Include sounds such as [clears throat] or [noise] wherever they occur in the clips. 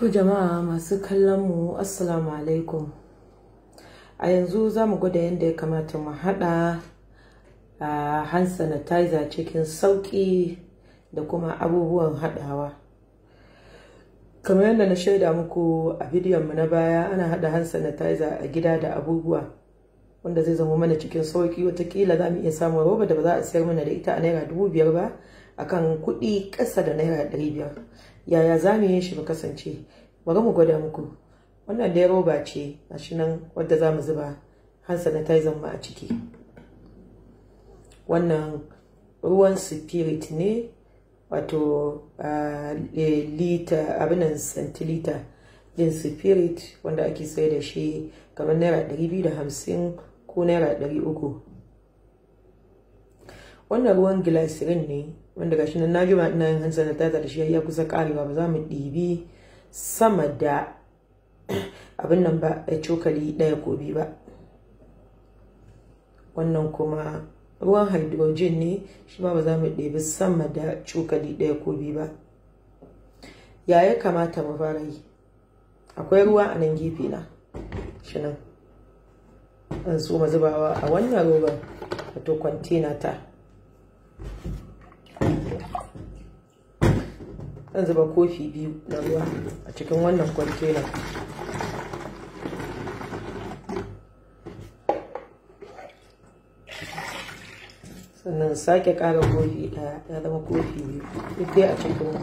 To jama'a masu kallon mu assalamu alaikum. A yanzu za mu gwada yadda ya kamata mu haɗa a hand sanitizer cikin sauƙi da kuma abubuwan haɗawa. Kamar yadda na shaida muku a bidiyon mu na baya ana haɗa hand sanitizer a gida da abubuwa wanda zai zama mana cikin sauƙi watakila za mu iya samun roba da ba za a sayar mana da ita a naira dubu biyar ba akan kuɗi ƙasa da naira ɗari biyar yaya za mu shi mu kasance bari mu gwada muku wannan dai roba ce gashi nan wadda za mu zuba hansana sanitizer mu a ciki wannan ruwan spirit ne wato lita abinan centilita din spirit wanda ake sai da shi kamar naira 250 ko naira 300 wannan ruwan glycerin ne wanda gashi nan na jima ina yin da sanitizer da shi ya kusa karewa ba za mu ɗibi sama da [clears throat] abin nan ba a cokali ɗaya ko biyu ba wannan kuma ruwan hydrogen ne shi ma ba za mu ɗebi sama da cokali ɗaya ko biyu ba ya ya kamata mu fara yi akwai ruwa a nan gefe na shi nan an so zubawa a wannan roban wato kwantena ta zan zuba kofi biyu na ruwa a cikin wannan kwantena sannan sake ƙara kofi ɗaya ya zama kofi biyu duk dai a cikin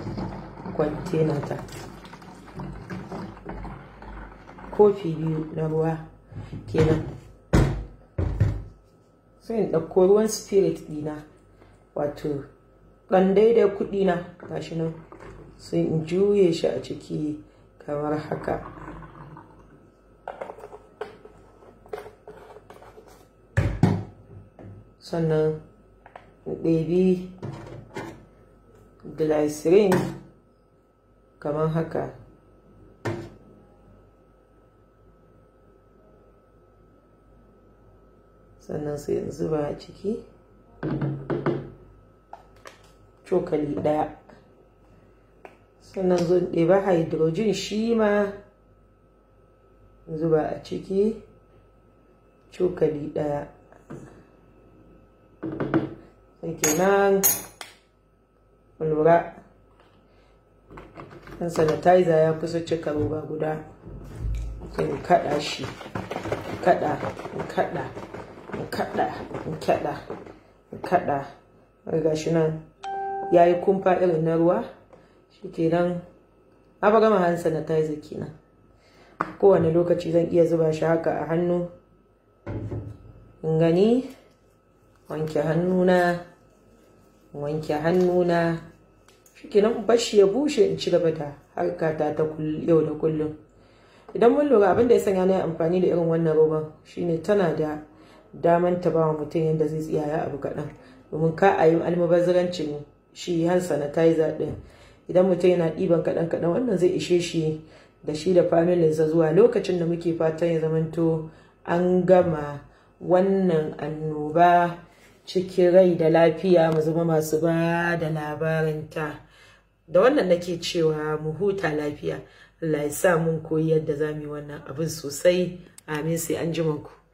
kwantena ta kofi biyu na ruwa kenan sai in ɗauko ruwan spirit dina wato ɗan daidai kuɗi na gashi nan sai in juye shi a ciki kamar haka sannan ɗebi glycerin kamar haka sannan sai in zuba a ciki cokali ɗaya sannan zo ɗeba hydrogen shi ma zuba a ciki cokali ɗaya sai kenan lura ɗan sanitizer ya kusa cika ruwa guda sai in kaɗa shi kaɗa kaɗa in kaɗa in kaɗa in kaɗa ga shi nan ya yi kumfa irin na ruwa shikenan ba gama hand sanitizer kenan kowane lokaci zan iya zuba shi haka a hannu gani wanke hannuna wanke hannuna shikenan bashi ya bushe in ci gaba da harkata ta yau da kullum idan mun lura abinda ya sanya na yi amfani da irin wannan roban shine tana da daman ta ba wa mutum yadda zai tsiyaya abu kaɗan domin ka a yi almubazirancin shi hand sanitizer ɗin idan mutum yana ɗiban kaɗan kaɗan wannan zai ishe shi da shi da familinsa zuwa lokacin da muke fatan ya zamanto an gama wannan annoba cikin rai da lafiya mu zama masu ba da labarinta da wannan nake cewa mu huta lafiya Allah ya sa mun koyi yadda za mu yi wannan abin sosai amin sai an ji ku